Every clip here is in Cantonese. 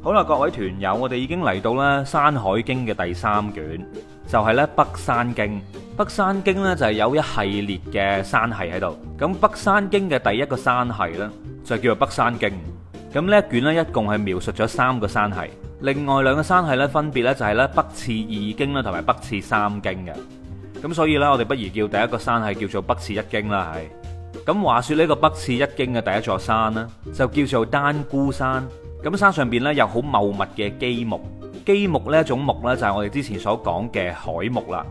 好啦，各位團友，我哋已經嚟到咧《山海經》嘅第三卷，就係咧《北山經》。北山經咧就係有一系列嘅山系喺度。咁北山經嘅第一個山系咧，就叫做北山經。咁呢一卷咧，一共係描述咗三個山系，另外兩個山系咧，分別咧就係咧北次二經啦，同埋北次三經嘅。咁所以咧，我哋不如叫第一個山系叫做北次一經啦，係。咁話說呢個北次一經嘅第一座山呢，就叫做丹姑山。咁山上邊呢，有好茂密嘅基木，基木呢一種木呢，就係我哋之前所講嘅海木啦。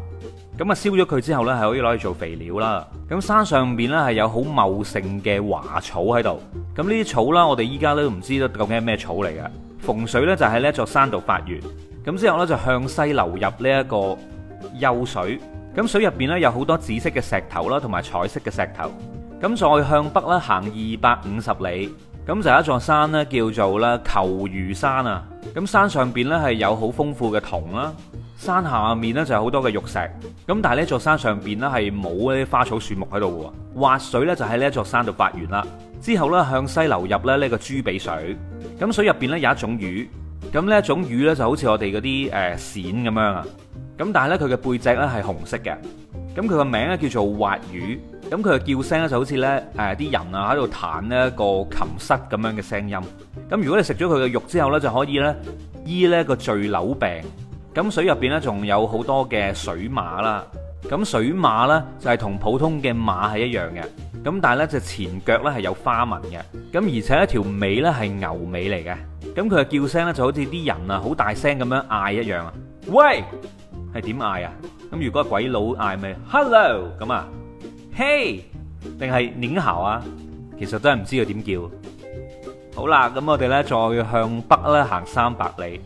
咁啊燒咗佢之後呢，係可以攞去做肥料啦。咁山上邊呢，係有好茂盛嘅華草喺度。咁呢啲草啦，我哋依家都唔知道究竟係咩草嚟嘅。逢水呢，就喺呢一座山度發源。咁之後呢，就向西流入呢一個幼水。咁水入邊呢，有好多紫色嘅石頭啦，同埋彩色嘅石頭。咁再向北呢，行二百五十里。咁就有一座山咧，叫做咧求如山啊。咁山上邊咧係有好豐富嘅銅啦，山下面咧就有好多嘅玉石。咁但係呢座山上邊咧係冇呢啲花草樹木喺度嘅喎。滑水咧就喺呢一座山度發源啦，之後咧向西流入咧呢個諸毗水。咁水入邊咧有一種魚，咁呢一種魚咧就好似我哋嗰啲誒鱔咁樣啊。咁但係咧佢嘅背脊咧係紅色嘅。咁佢個名咧叫做滑魚，咁佢嘅叫聲咧就好似咧誒啲人啊喺度彈咧個琴瑟咁樣嘅聲音。咁如果你食咗佢嘅肉之後咧，就可以咧醫呢個贅瘤病。咁水入邊咧仲有好多嘅水馬啦。咁水馬咧就係同普通嘅馬係一樣嘅，咁但係咧隻前腳咧係有花紋嘅。咁而且一條尾咧係牛尾嚟嘅。咁佢嘅叫聲咧就好似啲人啊好大聲咁樣嗌，一樣啊。喂，係點嗌啊？如果鬼佬嗌咩？Hello 咁啊，Hey 定係唸喉啊？Hey，其實真係唔知佢點叫。好啦，咁我哋呢，再向北呢行三百里，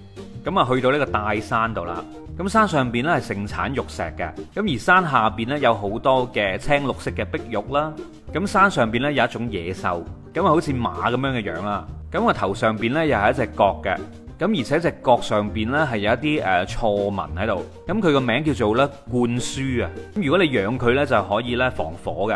咁啊去到呢個大山度啦。咁山上邊呢係盛產玉石嘅，咁而山下邊呢有好多嘅青綠色嘅碧玉啦。咁山上邊呢有一種野獸，咁啊好似馬咁樣嘅樣啦。咁個頭上邊呢又係一隻角嘅。咁而且隻角上邊呢，係有一啲誒、呃、錯紋喺度，咁佢個名叫做咧灌輸啊！咁如果你養佢呢，就可以咧防火嘅。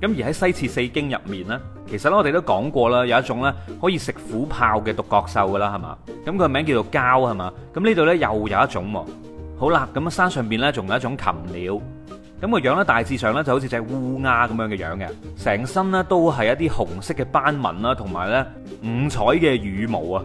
咁而喺西次四經入面呢，其實呢，我哋都講過啦，有一種呢可以食虎豹嘅獨角獸噶啦，係嘛？咁佢個名叫做蛟，係嘛？咁呢度呢，又有一種喎。好啦，咁啊山上邊呢，仲有一種禽鳥，咁個樣呢，大致上呢，就好似隻烏鴉咁樣嘅樣嘅，成身呢，都係一啲紅色嘅斑紋啦，同埋呢五彩嘅羽毛啊。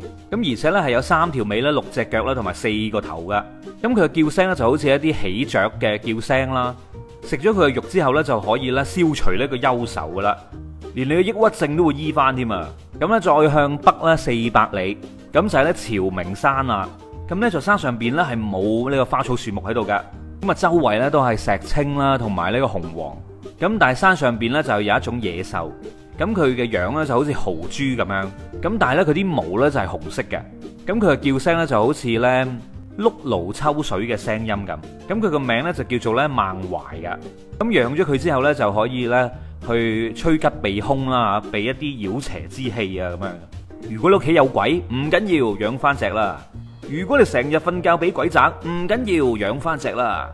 咁而且咧係有三條尾咧、六隻腳咧同埋四個頭嘅。咁佢嘅叫聲咧就好似一啲喜鵲嘅叫聲啦。食咗佢嘅肉之後呢，就可以咧消除呢個憂愁噶啦，連你嘅抑鬱症都會醫翻添啊。咁呢再向北呢，四百里，咁就係呢譙明山啊。咁呢在山上邊呢，係冇呢個花草樹木喺度嘅。咁啊周圍呢，都係石青啦同埋呢個紅黃。咁但係山上邊呢，就有一種野獸。咁佢嘅樣咧就好似豪豬咁樣，咁但係咧佢啲毛咧就係紅色嘅，咁佢嘅叫聲咧就好似咧轆轤抽水嘅聲音咁，咁佢個名咧就叫做咧孟懷㗎，咁養咗佢之後咧就可以咧去趨吉避凶啦吓，避一啲妖邪之氣啊咁樣。如果你屋企有鬼，唔緊要，養翻隻啦；如果你成日瞓覺俾鬼砸，唔緊要，養翻隻啦。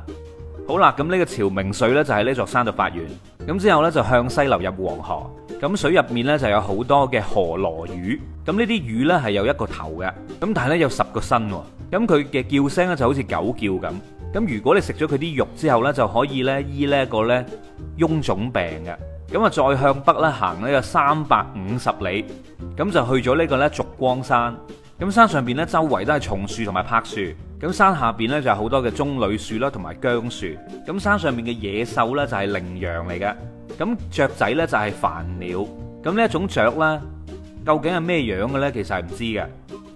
好啦，咁呢個潮明水呢，就喺呢座山度發源，咁之後呢，就向西流入黃河。咁水入面呢，就有好多嘅河羅魚，咁呢啲魚呢，係有一個頭嘅，咁但係呢，有十個身喎。咁佢嘅叫聲呢，就好似狗叫咁。咁如果你食咗佢啲肉之後呢，就可以呢醫呢一個呢臃腫病嘅。咁啊再向北呢，行呢個三百五十里，咁就去咗呢個呢燭光山。咁山上邊呢，周圍都係松樹同埋柏樹。咁山下邊咧就有好多嘅棕櫚樹啦，同埋姜樹。咁山上面嘅野獸咧就係羚羊嚟嘅。咁雀仔咧就係繁鳥。咁呢一種雀咧，究竟係咩樣嘅咧？其實係唔知嘅。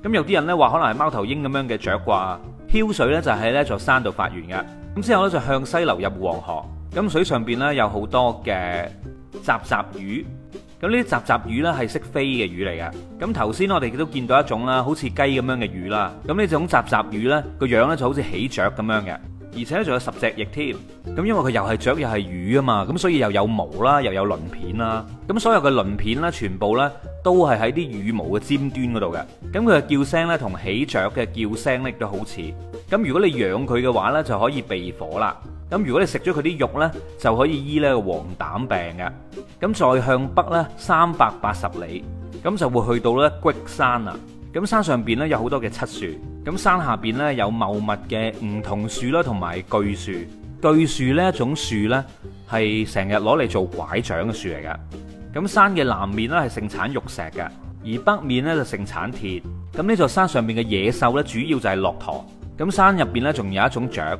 咁有啲人咧話可能係貓頭鷹咁樣嘅雀啩。梟水咧就喺呢座山度發源嘅。咁之後咧就向西流入黃河。咁水上邊咧有好多嘅雜雜魚。咁呢啲集集魚呢係識飛嘅魚嚟嘅。咁頭先我哋都見到一種啦，好似雞咁樣嘅魚啦。咁呢種集集魚呢個樣呢，就好似喜鵲咁樣嘅，而且仲有十隻翼添。咁因為佢又係雀又係魚啊嘛，咁所以又有毛啦，又有鱗片啦。咁所有嘅鱗片啦，全部呢都係喺啲羽毛嘅尖端嗰度嘅。咁佢嘅叫聲呢，同喜鵲嘅叫聲呢都好似。咁如果你養佢嘅話呢，就可以避火啦。咁如果你食咗佢啲肉呢，就可以醫呢個黃疸病嘅。咁再向北呢，三百八十里，咁就會去到呢，虢山啦。咁山上邊呢，有好多嘅漆樹，咁山下邊呢，有茂密嘅梧桐樹啦，同埋巨樹。巨樹呢，一種樹呢，係成日攞嚟做拐杖嘅樹嚟噶。咁山嘅南面呢，係盛產玉石嘅，而北面呢，就盛產鐵。咁呢座山上邊嘅野獸呢，主要就係駱駝。咁山入邊呢，仲有一種雀。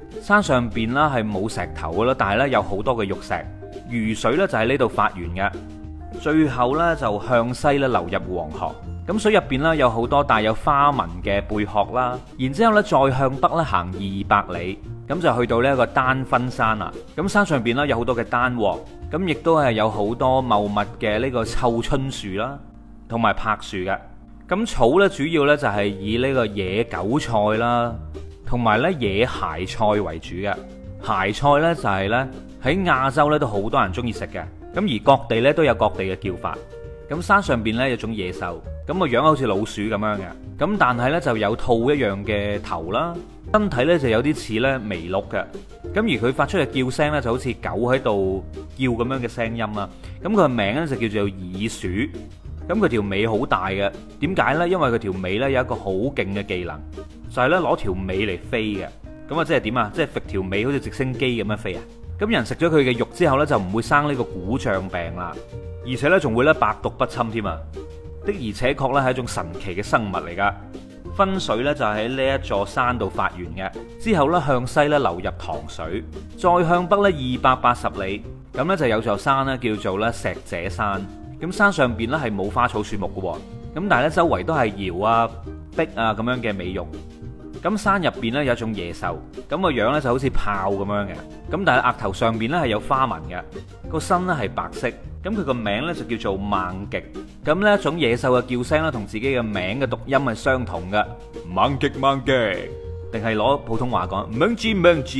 山上邊啦，係冇石頭噶啦，但係咧有好多嘅玉石，魚水咧就喺呢度發源嘅，最後咧就向西咧流入黃河。咁水入邊咧有好多帶有花紋嘅貝殼啦，然之後咧再向北咧行二百里，咁就去到呢一個丹分山啦。咁山上邊啦，有好多嘅丹黃，咁亦都係有好多茂密嘅呢個臭椿樹啦，同埋柏樹嘅。咁草咧主要咧就係以呢個野韭菜啦。同埋咧野蟹菜為主嘅，蟹菜呢就係呢喺亞洲呢都好多人中意食嘅，咁而各地呢都有各地嘅叫法。咁山上邊呢有種野獸，咁個樣好似老鼠咁樣嘅，咁但係呢就有兔一樣嘅頭啦，身體呢就有啲似呢麋鹿嘅，咁而佢發出嘅叫聲呢就好似狗喺度叫咁樣嘅聲音啦。咁佢嘅名呢就叫做耳鼠，咁佢條尾好大嘅，點解呢？因為佢條尾呢有一個好勁嘅技能。就係咧攞條尾嚟飛嘅，咁啊即係點啊？即係揈條尾好似直升機咁樣飛啊！咁人食咗佢嘅肉之後呢，就唔會生呢個鼓脹病啦，而且呢，仲會呢百毒不侵添啊！的而且確呢，係一種神奇嘅生物嚟噶。分水呢，就喺呢一座山度發源嘅，之後呢，向西呢流入塘水，再向北呢二百八十里，咁呢，就有座山呢，叫做呢石者山。咁山上邊呢，係冇花草樹木嘅喎，咁但係呢，周圍都係瑤啊、碧啊咁樣嘅美容。咁山入邊咧有一種野獸，咁個樣咧就好似豹咁樣嘅，咁但係額頭上邊咧係有花紋嘅，個身咧係白色，咁佢個名咧就叫做猛極，咁咧呢種野獸嘅叫聲咧同自己嘅名嘅讀音係相同嘅，猛極猛極，定係攞普通話講猛字猛字，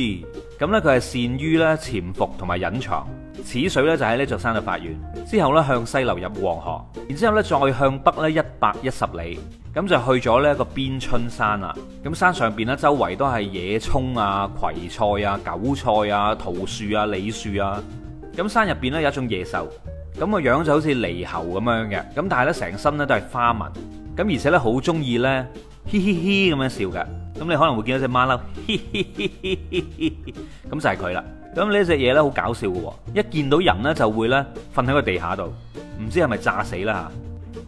咁咧佢係善於咧潛伏同埋隱藏。此水咧就喺呢座山度發源，之後咧向西流入黃河，然之後咧再向北咧一百一十里，咁就去咗呢一個邊春山啦。咁山上邊咧周圍都係野蔥啊、葵菜啊、韭菜啊、桃樹啊、李樹啊。咁、啊、山入邊咧有一種野獸，咁個樣就好似獼猴咁樣嘅，咁但係咧成身咧都係花紋，咁而且咧好中意咧嘻嘻嘻咁樣笑嘅。咁你可能會見到隻馬騮嘻嘻嘻嘻嘻，咁就係佢啦。咁呢一隻嘢咧好搞笑嘅，一見到人咧就會咧瞓喺個地下度，唔知係咪炸死啦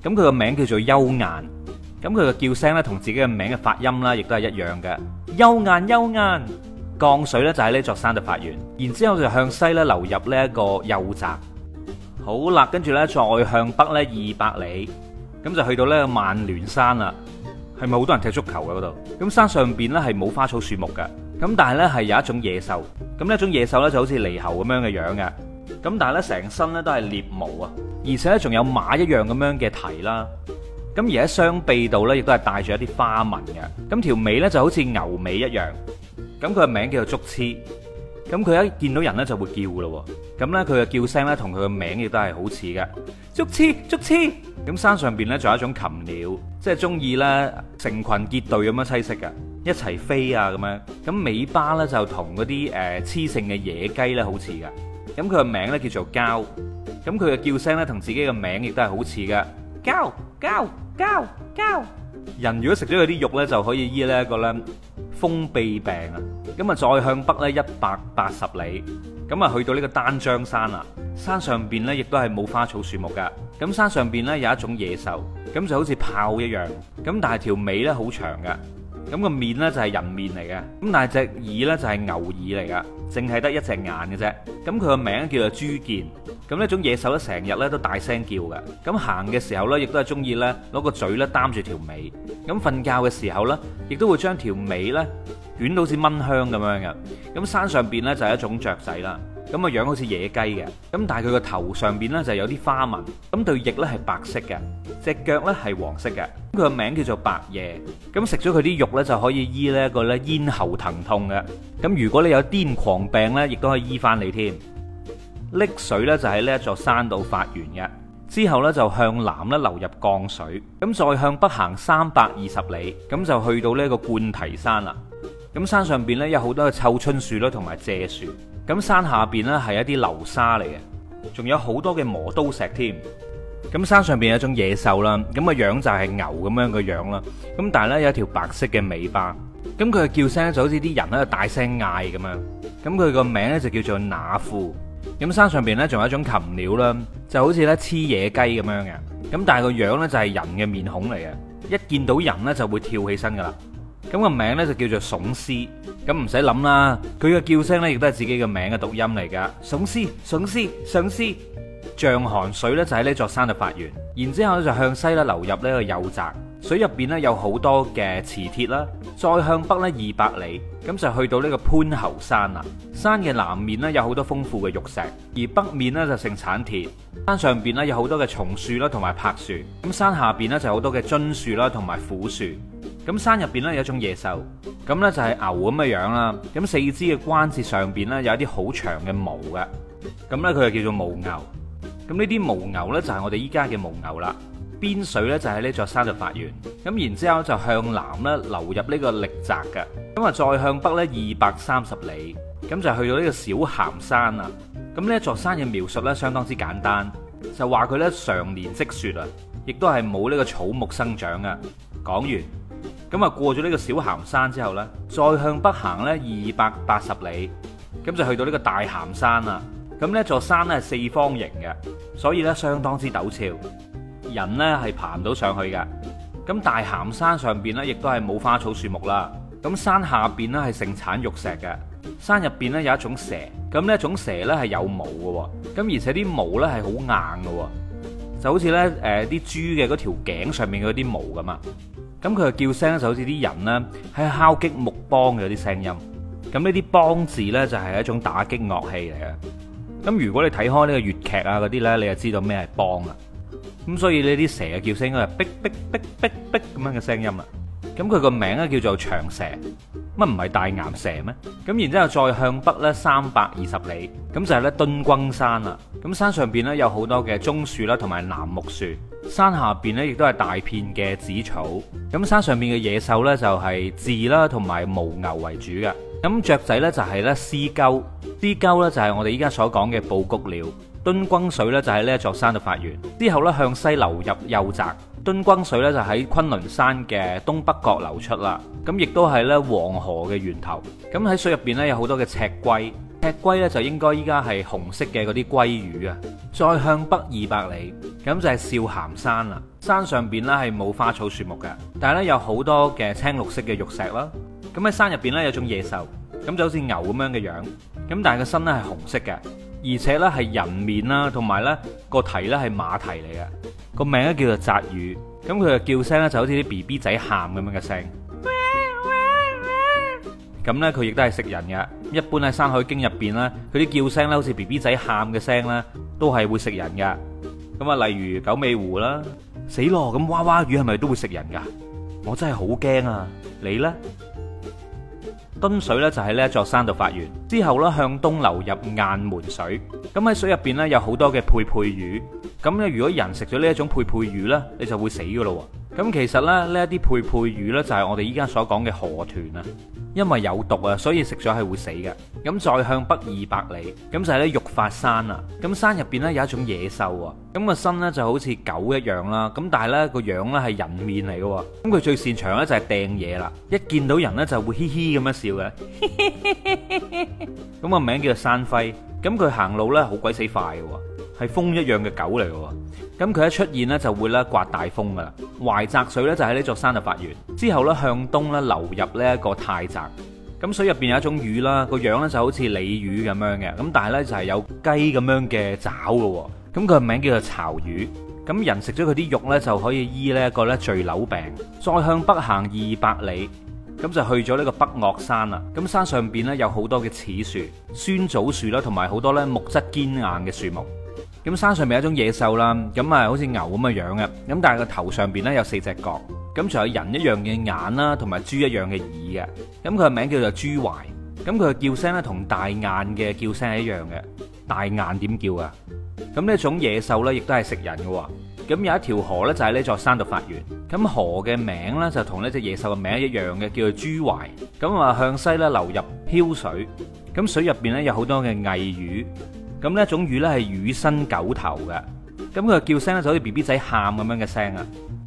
吓。咁佢個名叫做幽雁，咁佢嘅叫聲咧同自己嘅名嘅發音啦，亦都係一樣嘅。幽雁幽雁，降水咧就喺呢座山度發源，然之後就向西咧流入呢一個幼澤。好啦，跟住咧再向北咧二百里，咁就去到呢個萬聯山啦。係咪好多人踢足球嘅嗰度？咁山上邊咧係冇花草樹木嘅。咁但係呢，係有一種野獸，咁呢一種野獸呢，就好似獼猴咁樣嘅樣嘅，咁但係呢，成身呢都係鬣毛啊，而且呢仲有馬一樣咁樣嘅蹄啦，咁而喺雙臂度呢，亦都係帶住一啲花紋嘅，咁條尾呢，就好似牛尾一樣，咁佢嘅名叫做足訾。咁佢一見到人咧就會叫咯喎，咁咧佢嘅叫聲咧同佢嘅名亦都係好似嘅，足訾足訾。咁山上邊咧仲有一種禽鳥，即係中意咧成羣結隊咁樣棲息嘅，一齊飛啊咁樣。咁尾巴咧就同嗰啲誒雌性嘅野雞咧好似嘅。咁佢嘅名咧叫做鵁。咁佢嘅叫聲咧同自己嘅名亦都係好似嘅，鵁鵁鵁鵁。人如果食咗佢啲肉咧，就可以醫咧一個咧。風痹病啊，咁啊再向北咧一百八十里，咁啊去到呢個單張山啦，山上邊咧亦都係冇花草樹木噶，咁山上邊咧有一種野獸，咁就好似豹一樣，咁但係條尾咧好長噶，咁個面咧就係人面嚟嘅，咁但係隻耳咧就係牛耳嚟噶，淨係得一隻眼嘅啫，咁佢個名叫做諸犍，咁呢一種野獸咧成日咧都大聲叫嘅，咁行嘅時候咧亦都係中意咧攞個嘴咧擔住條尾，咁瞓覺嘅時候咧亦都會將條尾咧捲到似蚊香咁樣嘅，咁山上邊咧就係一種雀仔啦。咁嘅樣好似野雞嘅，咁但係佢個頭上邊呢就有啲花紋，咁對翼呢係白色嘅，隻腳呢係黃色嘅，咁佢個名叫做白鵺。咁食咗佢啲肉呢，就可以醫呢一個呢咽喉疼痛嘅，咁如果你有癲狂病呢，亦都可以醫翻你添。櫟水呢就喺呢一座山度發源嘅，之後呢就向南呢流入杠水，咁再向北行三百二十里，咁就去到呢個灌題山啦。咁山上邊呢，有好多嘅臭椿樹咯，同埋柘樹。咁山下邊呢，係一啲流沙嚟嘅，仲有好多嘅磨刀石添。咁山上邊有一種野獸啦，咁個樣就係牛咁樣嘅樣啦。咁但係咧有一條白色嘅尾巴。咁佢嘅叫聲就好似啲人喺度大聲嗌咁樣。咁佢個名咧就叫做那夫。咁山上邊呢，仲有一種禽鳥啦，就好似咧黐野雞咁樣嘅。咁但係個樣呢，就係人嘅面孔嚟嘅，一見到人呢，就會跳起身噶啦。咁個名咧就叫做竦斯，咁唔使諗啦，佢嘅叫聲咧亦都係自己嘅名嘅讀音嚟㗎。竦斯，竦斯，竦斯。象寒水咧就喺呢座山度發源，然之後咧就向西啦流入呢個泑澤。水入邊咧有好多嘅磁鐵啦，再向北咧二百里，咁就去到呢個潘侯山啦。山嘅南面呢，有好多豐富嘅玉石，而北面呢，就盛產鐵。山上邊呢，有好多嘅松樹啦，同埋柏樹。咁山下邊呢，就好多嘅榛樹啦，同埋楛樹。咁山入邊咧有一種野獸，咁咧就係牛咁嘅樣啦。咁四肢嘅關節上邊咧有一啲好長嘅毛嘅，咁咧佢就叫做毛牛。咁呢啲毛牛咧就係我哋依家嘅毛牛啦。邊水咧就喺呢座山度發源，咁然之後就向南咧流入呢個力澤嘅。咁啊再向北咧二百三十里，咁就去到呢個小鹹山啦。咁呢一座山嘅描述咧相當之簡單，就話佢咧常年積雪啊，亦都係冇呢個草木生長㗎。講完。咁啊，過咗呢個小鹹山之後呢，再向北行呢二百八十里，咁就去到呢個大鹹山啦。咁呢座山呢係四方形嘅，所以呢相當之陡峭，人呢係爬唔到上去嘅。咁大鹹山上邊呢亦都係冇花草樹木啦。咁山下邊呢係盛產玉石嘅，山入邊呢有一種蛇。咁呢一種蛇呢係有毛嘅，咁而且啲毛呢係好硬嘅，就好似呢誒啲豬嘅嗰條頸上面嗰啲毛咁啊。咁佢嘅叫聲就好似啲人呢喺敲擊木梆嘅啲聲音。咁呢啲梆字呢，就係一種打擊樂器嚟嘅。咁如果你睇開呢個粵劇啊嗰啲呢，你就知道咩係梆啊。咁所以呢啲蛇嘅叫聲咧係逼逼逼逼逼咁樣嘅聲音啦。咁佢個名咧叫做長蛇，乜唔係大岩蛇咩？咁然之後再向北咧三百二十里，咁就係咧敦軍山啦。咁山上邊咧有好多嘅棕樹啦，同埋楠木樹。山下邊咧亦都係大片嘅紫草。咁山上邊嘅野獸咧就係兕啦，同埋旄牛為主嘅。咁雀仔咧就係咧鳲鳩，鳲鳩咧就係我哋依家所講嘅布谷鳥。敦軍水咧就喺呢一座山度發源，之後咧向西流入泑澤。敦軍水咧就喺昆崙山嘅東北角流出啦，咁亦都係咧黃河嘅源頭。咁喺水入邊咧有好多嘅赤龜，赤龜咧就應該依家係紅色嘅嗰啲鮭魚啊。再向北二百里，咁就係、是、少咸山啦。山上邊咧係冇花草樹木嘅，但係咧有好多嘅青綠色嘅玉石啦。咁喺山入邊咧有種野獸，咁就好似牛咁樣嘅樣，咁但係個身咧係紅色嘅，而且咧係人面啦，同埋咧個蹄咧係馬蹄嚟嘅。個名咧叫做雜魚，咁佢嘅叫聲咧就好似啲 B B 仔喊咁樣嘅聲。咁咧佢亦都係食人嘅，一般喺《山海經》入邊咧，佢啲叫聲咧好似 B B 仔喊嘅聲咧，都係會食人嘅。咁啊，例如九尾狐啦，死咯！咁娃娃魚係咪都會食人噶？我真係好驚啊！你咧？敦水咧就喺呢一座山度發源，之後咧向東流入雁門水。咁喺水入邊咧有好多嘅配配魚，咁咧如果人食咗呢一種配配魚呢，你就會死噶咯。咁其實咧呢一啲配配魚呢，配配魚就係我哋依家所講嘅河豚啊。因為有毒啊，所以食咗係會死嘅。咁再向北二百里，咁就係咧玉法山啦。咁山入邊咧有一種野獸啊，咁個身咧就好似狗一樣啦。咁但係咧個樣咧係人面嚟嘅。咁佢最擅長咧就係掟嘢啦。一見到人咧就會嘻嘻咁樣笑嘅。咁個名叫做山輝。咁佢行路咧好鬼死快嘅，係風一樣嘅狗嚟嘅。咁佢一出現咧就會咧刮大風噶啦。淮澤水咧就喺呢座山度發源，之後咧向東咧流入呢一個泰澤。咁水入邊有一種魚啦，個樣咧就好似鯉魚咁樣嘅，咁但係咧就係有雞咁樣嘅爪噶，咁佢個名叫做巢魚，咁人食咗佢啲肉呢，就可以醫呢一個咧墜樓病。再向北行二百里，咁就去咗呢個北岳山啦。咁山上邊呢有好多嘅刺樹、酸棗樹啦，同埋好多咧木質堅硬嘅樹木。咁山上有一種野獸啦，咁啊好似牛咁嘅樣嘅，咁但係個頭上邊呢，有四隻角，咁仲有人一樣嘅眼啦，同埋豬一樣嘅耳嘅，咁佢嘅名叫做諸懷，咁佢嘅叫聲咧同大雁嘅叫聲係一樣嘅，大雁點叫啊？咁呢一種野獸呢，亦都係食人嘅喎，咁有一條河呢，就喺呢座山度發源，咁河嘅名呢，就同呢隻野獸嘅名一樣嘅，叫做諸懷，咁啊向西咧流入漂水，咁水入邊呢，有好多嘅蟻魚。咁呢一種魚咧係魚身狗頭嘅，咁佢嘅叫聲咧就好似 B B 仔喊咁樣嘅聲啊！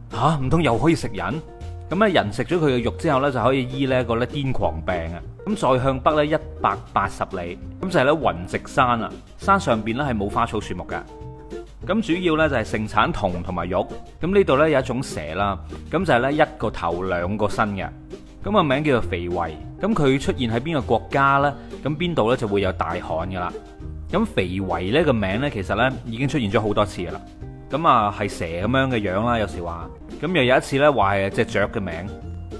嚇，唔通又可以食人？咁咧人食咗佢嘅肉之後呢，就可以醫呢個咧癲狂病啊！咁再向北呢，一百八十里，咁就係呢雲直山啊！山上邊呢，係冇花草樹木嘅，咁主要呢，就係盛產銅同埋玉。咁呢度呢，有一種蛇啦，咁就係、是、呢一個頭兩個身嘅，咁個名叫做肥遺。咁佢出現喺邊個國家呢？咁邊度呢，就會有大旱噶啦。咁肥遺呢個名呢，其實呢已經出現咗好多次啦。咁啊係蛇咁樣嘅樣啦，有時話，咁又有一次呢話係隻雀嘅名。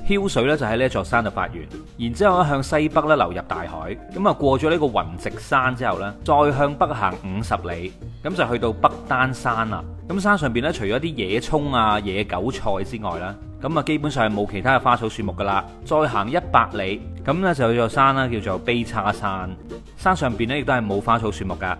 囂水呢就喺呢座山度發源，然之後咧向西北咧流入大海。咁啊過咗呢個渾夕山之後呢，再向北行五十里，咁就去到北單山啦。咁山上邊呢，除咗啲野蔥啊、野韭菜之外呢。咁啊，基本上係冇其他嘅花草樹木噶啦。再行一百里，咁呢就有座山啦，叫做卑叉山。山上邊呢亦都係冇花草樹木噶。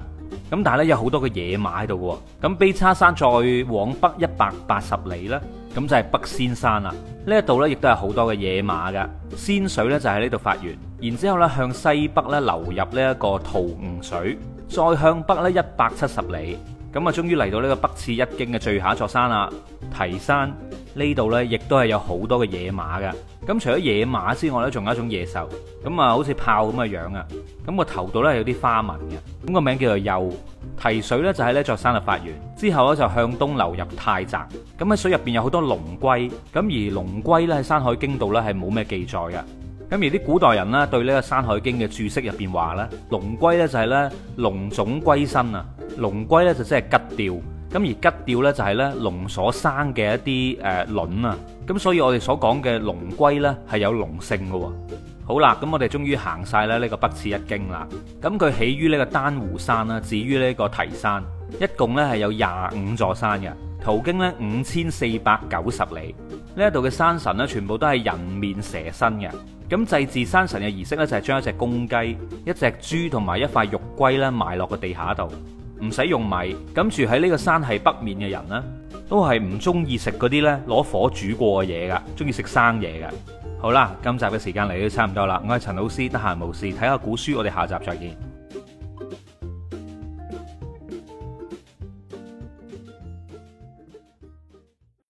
咁但係呢，有好多嘅野馬喺度嘅。咁卑叉山再往北一百八十里呢，咁就係北仙山啦。呢一度呢亦都係好多嘅野馬噶。仙水呢就喺呢度發源，然之後呢向西北呢流入呢一個桃烏水，再向北呢一百七十里。咁啊，終於嚟到呢個北次一經嘅最下一座山啦，提山呢度呢，亦都係有好多嘅野馬㗎。咁除咗野馬之外呢，仲有一種野獸，咁啊，好似豹咁嘅樣啊。咁個頭度呢，有啲花紋嘅，咁個名叫做幼。提水呢，就喺呢座山度發源，之後呢，就向東流入泰澤。咁喺水入邊有好多龍龜，咁而龍龜呢，喺山海經度呢，係冇咩記載嘅。咁而啲古代人呢，對呢、這個《山海經》嘅注釋入邊話呢龍龜呢就係呢龍種龜身啊，龍龜呢就即係吉弔，咁而吉弔呢，就係呢龍所生嘅一啲誒卵啊，咁所以我哋所講嘅龍龜呢，係有龍性嘅喎。好啦，咁我哋終於行晒咧呢個北次一經啦，咁佢起於呢個丹湖山啦，至於呢個提山，一共呢係有廿五座山嘅，途經呢五千四百九十里。呢一度嘅山神咧，全部都係人面蛇身嘅。咁祭祀山神嘅儀式咧，就係將一隻公雞、一隻豬同埋一塊玉圭咧埋落個地下度，唔使用，用米。咁住喺呢個山係北面嘅人呢，都係唔中意食嗰啲咧攞火煮過嘅嘢噶，中意食生嘢噶。好啦，今集嘅時間嚟到差唔多啦，我係陳老師，得閒無事睇下古書，我哋下集再見。